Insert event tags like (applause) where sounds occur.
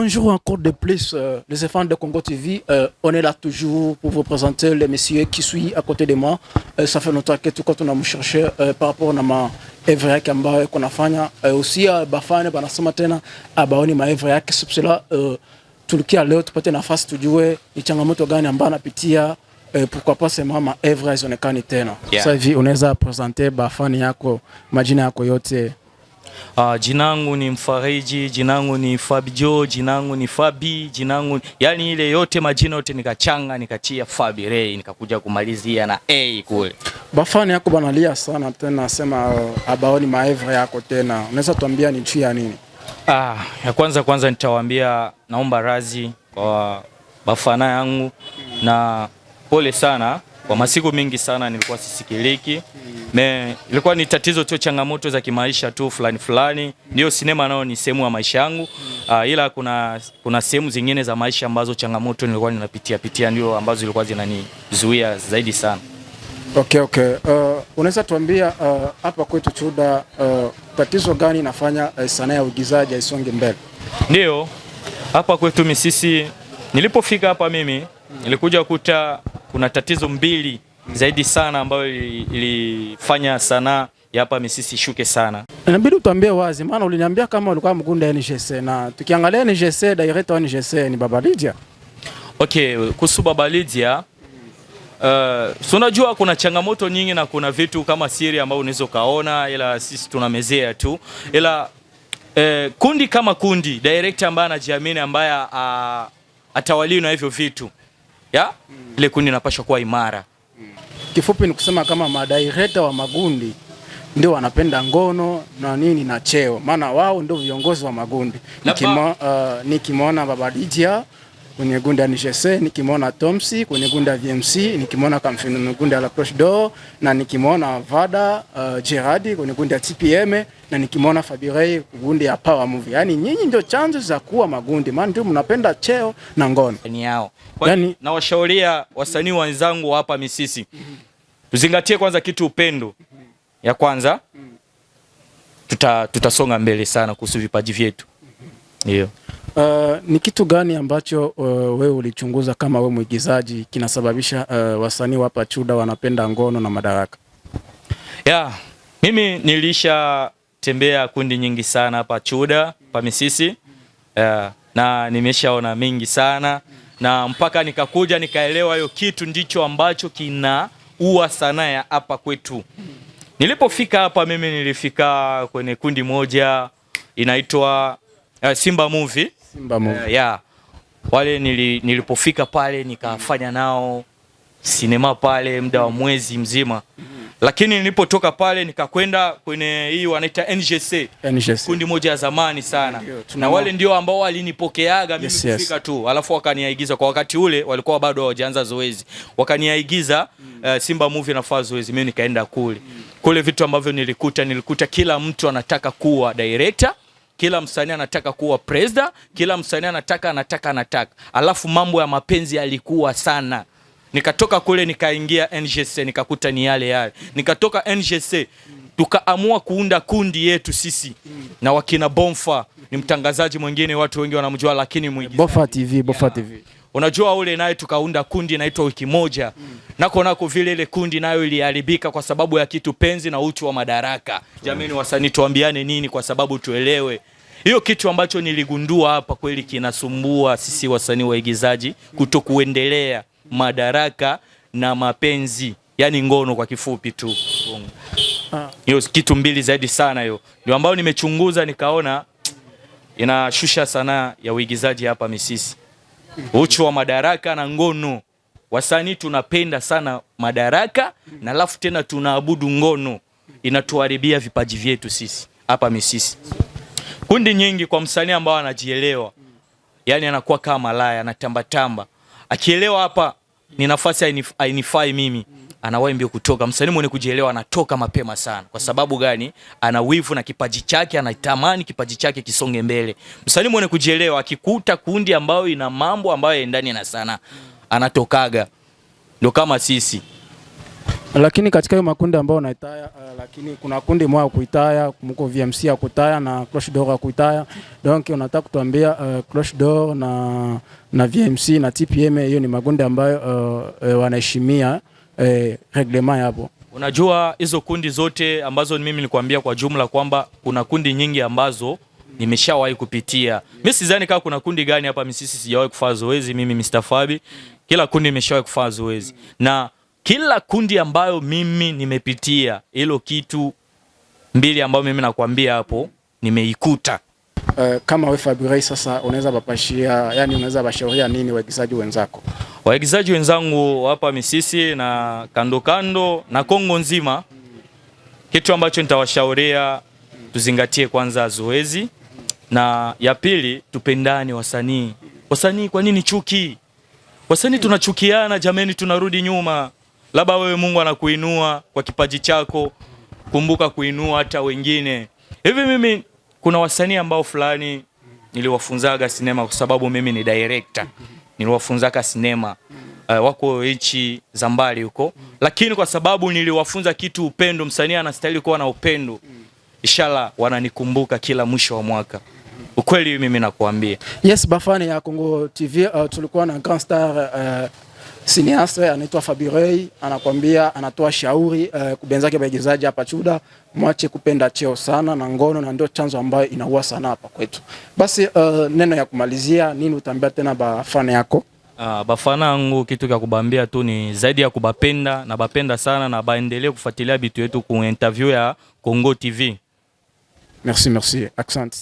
Bonjour encore de plus, euh, les enfants de Congo TV. Euh, on est là toujours pour vous présenter les messieurs qui suivent à côté de moi. Euh, ça fait notre que tout quand on a cherché par rapport à ma evra qu'on a kunafanya aussi à bafane a tena abaoni maevra yake face tulikia leo tupate nafasi tujue a changamoto gani de la pitié. pourquoi pas c'est sema éternel. Ça tena vie on à présenter presente et yako majina yako yote Uh, jinangu ni Mfariji, jinangu ni Fabio, jinangu ni Fabi, jinangu yani ile yote majina yote nikachanga nikachia Fabi Ray nikakuja kumalizia na A kule. Bafani yako banalia sana tena nasema uh, abaoni maeva yako tena. Unaweza tuambia ni chia nini? Ah, ya kwanza kwanza nitawaambia naomba razi kwa bafana yangu na pole sana kwa masiku mingi sana nilikuwa sisikiliki me, ilikuwa ni tatizo tu, changamoto za kimaisha tu fulani fulani. Ndio sinema nao ni sehemu ya maisha yangu, uh, ila kuna, kuna sehemu zingine za maisha ambazo changamoto nilikuwa ninapitia pitia ndio ambazo zilikuwa zinanizuia zaidi sana. Okay, okay. Uh, unaweza tuambia uh, hapa uh, kwetu Chuda uh, tatizo gani inafanya uh, sanaa ya uigizaji haisonge mbele? Ndio hapa kwetu misisi nilipofika hapa mimi nilikuja kuta kuna tatizo mbili zaidi sana ambayo ilifanya sanaa ya hapa Misisi shuke sana. Inabidi utambie wazi, maana uliniambia kama ulikuwa mgunda NGC, na tukiangalia NGC, director wa NGC ni Baba Lydia. Okay, kuhusu Baba Lydia Uh, unajua kuna changamoto nyingi na kuna vitu kama siri ambayo unaweza ukaona, ila sisi tunamezea tu, ila eh, kundi kama kundi director ambaye anajiamini ambaye ah, atawaliwi na hivyo vitu ya ile kundi inapaswa kuwa imara. Kifupi ni kusema kama madirekta wa magundi ndio wanapenda ngono na nini na cheo, maana wao ndio viongozi wa magundi. Uh, nikimwona uh, Baba kwenye gundi ya Nijese, nikimwona Tomsi kwenye gundi ya VMC, nikimwona Kamfino kwenye ya La Proche d'Or na nikimwona Vada uh, Gerardi kwenye gundi ya TPM na nikimwona Fabirey gundi ya power movie. Yani nyinyi ndio chanzo za kuwa magundi, maana ndio mnapenda cheo na ngono ni yao. Yani nawashauria wasanii wenzangu hapa Misisi, tuzingatie kwanza kitu upendo ya kwanza, tuta tutasonga mbele sana kuhusu vipaji vyetu ndio. Uh, ni kitu gani ambacho uh, wewe ulichunguza kama wewe mwigizaji kinasababisha uh, wasanii wapa Chuda wanapenda ngono na madaraka? Yeah, mimi nilisha nimetembea kundi nyingi sana hapa Chuda pa Misisi yeah, na nimeshaona mingi sana na mpaka nikakuja nikaelewa hiyo kitu ndicho ambacho kinaua sanaa ya hapa kwetu. Nilipofika hapa mimi nilifika kwenye kundi moja inaitwa uh, Simba Movie. Simba eh, Movie. Uh, yeah. Wale nili, nilipofika pale nikafanya nao sinema pale muda wa mwezi mzima lakini nilipotoka pale nikakwenda kwenye hii wanaita NGC, NGC kundi moja ya zamani sana na wale ndio ambao walinipokeaga mimi yes, kufika yes. tu alafu wakaniaigiza kwa wakati ule walikuwa bado hawajaanza zoezi wakaniaigiza mm. uh, eh, Simba movie nafaa zoezi mimi nikaenda kule mm. kule vitu ambavyo nilikuta nilikuta kila mtu anataka kuwa director kila msanii anataka kuwa president, kila msanii anataka anataka anataka, alafu mambo ya mapenzi yalikuwa sana Nikatoka kule nikaingia NGC nikakuta ni yale yale. Nikatoka NGC tukaamua kuunda kundi yetu sisi na wakina Bonfa, ni mtangazaji mwingine, watu wengi wanamjua, lakini mwigizaji Bonfa TV, Bonfa TV unajua ule naye tukaunda kundi inaitwa wiki moja mm. nako nako vile ile kundi nayo iliharibika kwa sababu ya kitu penzi na uchu wa madaraka mm. Jamani wasanii, tuambiane nini kwa sababu tuelewe hiyo kitu ambacho niligundua hapa kweli kinasumbua sisi wasanii waigizaji kuto kuendelea madaraka na mapenzi, yani ngono kwa kifupi tu. Hiyo kitu mbili zaidi sana, hiyo ndio ambayo nimechunguza nikaona (tsk) inashusha sanaa ya uigizaji hapa Misisi, uchu wa madaraka na ngono. Wasanii tunapenda sana madaraka na alafu tena tunaabudu ngono, inatuharibia vipaji vyetu sisi hapa Misisi. Kundi nyingi kwa msanii ambao anajielewa, yani anakuwa kama malaya, anatambatamba, akielewa hapa ni nafasi ainifai mimi, anawahi mbio kutoka. Msanii mwenye kujielewa anatoka mapema sana. Kwa sababu gani? Ana wivu na kipaji chake, anatamani kipaji chake kisonge mbele. Msanii mwenye kujielewa akikuta kundi ambayo ina mambo ambayo yaendani na sanaa anatokaga, ndio kama sisi. Lakini katika hiyo makundi ambayo unaitaya uh, lakini kuna kundi moja kuitaya mko VMC ya kutaya na Cloche d'Or ya kuitaya. Donc unataka kutuambia uh, Cloche d'Or na na VMC na TPM hiyo ni makundi ambayo uh, uh, wanaheshimia uh, reglement hapo. Unajua hizo kundi zote ambazo mimi nilikwambia kwa jumla kwamba kuna kundi nyingi ambazo nimeshawahi kupitia. Yeah. Mimi sidhani kama kuna kundi gani hapa mimi sisi sijawahi kufanya zoezi mimi Mr. Fabi. Kila kundi nimeshawahi kufanya zoezi. Na kila kundi ambayo mimi nimepitia hilo kitu mbili ambayo mimi nakwambia hapo nimeikuta. Uh, kama wewe Fabrice sasa unaweza bapashia, yani unaweza bashauria nini waigizaji wenzako? Waigizaji wenzangu hapa Misisi na kando kando na Kongo nzima, kitu ambacho nitawashauria tuzingatie kwanza zoezi, na ya pili tupendane wasanii. Wasanii kwa nini chuki? Wasanii tunachukiana jamani, tunarudi nyuma. Labda wewe Mungu anakuinua kwa kipaji chako, kumbuka kuinua hata wengine. Hivi mimi kuna wasanii ambao fulani niliwafunzaga sinema kwa sababu mimi ni director. Niliwafunzaga sinema. Uh, wako nchi za mbali huko, lakini kwa sababu niliwafunza kitu upendo, msanii anastahili kuwa na upendo. Inshallah wananikumbuka kila mwisho wa mwaka. Ukweli mimi nakuambia. Yes, bafani ya Kongo TV, uh, eh, tulikuwa na Grand Star uh, eh, Siniasa anaitwa Fabirei anakwambia, anatoa shauri uh, eh, kubenzake baigizaji hapa Chuda, mwache kupenda cheo sana na ngono, na ndio chanzo ambayo inaua sana hapa kwetu. Basi uh, neno ya kumalizia nini utaambia tena bafana yako? Uh, ah, bafana yangu kitu kya kubambia tu ni zaidi ya kubapenda na bapenda sana na baendelee kufuatilia bitu yetu ku interview ya Congo TV. Merci, merci. Accent.